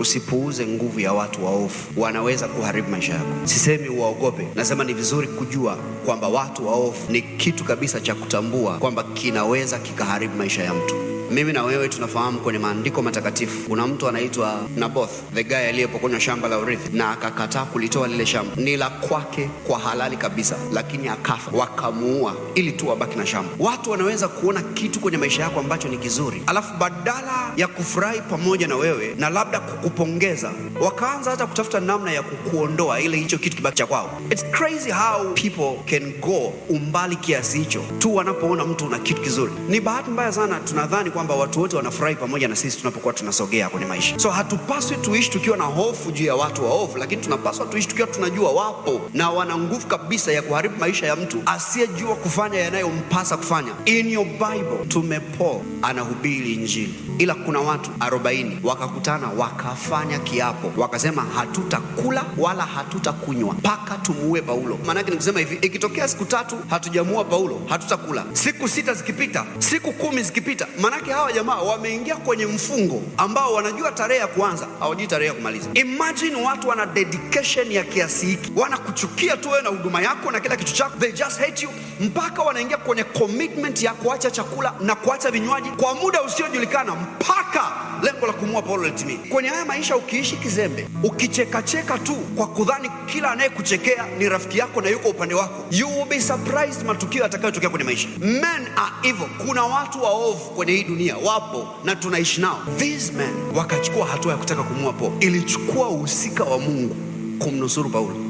Usipuuze nguvu ya watu waovu, wanaweza kuharibu maisha yako. Sisemi uwaogope, nasema ni vizuri kujua kwamba watu waovu ni kitu kabisa cha kutambua kwamba kinaweza kikaharibu maisha ya mtu. Mimi na wewe tunafahamu kwenye maandiko matakatifu kuna mtu anaitwa Naboth, the guy aliyepokonywa shamba la urithi na akakataa kulitoa lile shamba, ni la kwake kwa halali kabisa, lakini akafa, wakamuua ili tu wabaki na shamba. Watu wanaweza kuona kitu kwenye maisha yako ambacho ni kizuri, alafu badala ya kufurahi pamoja na wewe na labda kukupongeza, wakaanza hata kutafuta namna ya kukuondoa ile hicho kitu kibaki cha kwao. It's crazy how people can go umbali kiasi hicho tu wanapoona mtu una kitu kizuri. Ni bahati mbaya sana tunadhani kwamba watu wote wanafurahi pamoja na sisi tunapokuwa tunasogea kwenye maisha. So hatupaswi tuishi tukiwa na hofu juu ya watu waovu, lakini tunapaswa tuishi tukiwa tunajua wapo na wana nguvu kabisa ya kuharibu maisha ya mtu asiyejua kufanya yanayompasa kufanya. In your Bible tume Paul anahubiri Injili, ila kuna watu arobaini wakakutana wakafanya kiapo wakasema, hatutakula wala hatutakunywa mpaka tumuue Paulo. Maanake nikusema hivi, ikitokea siku tatu hatujamuua Paulo hatutakula, siku sita zikipita, siku kumi zikipita, maanake Maanake hawa jamaa wameingia kwenye mfungo ambao wanajua tarehe ya kuanza, hawajui tarehe ya kumaliza. Imagine watu wana dedication ya kiasi hiki, wanakuchukia tu wewe na huduma yako na kila kitu chako, they just hate you, mpaka wanaingia kwenye commitment ya kuacha chakula na kuacha vinywaji kwa muda usiojulikana mpaka lengo la kumua Paulo litimie. Kwenye haya maisha, ukiishi kizembe, ukichekacheka tu kwa kudhani kila anayekuchekea ni rafiki yako na yuko upande wako, you will be surprised matukio yatakayotokea kwenye maisha. Men are evil. Kuna watu waovu kwenye hii dunia dunia wapo na tunaishi nao. These men wakachukua hatua ya kutaka kumua Paulo. Ilichukua uhusika wa Mungu kumnusuru Paulo.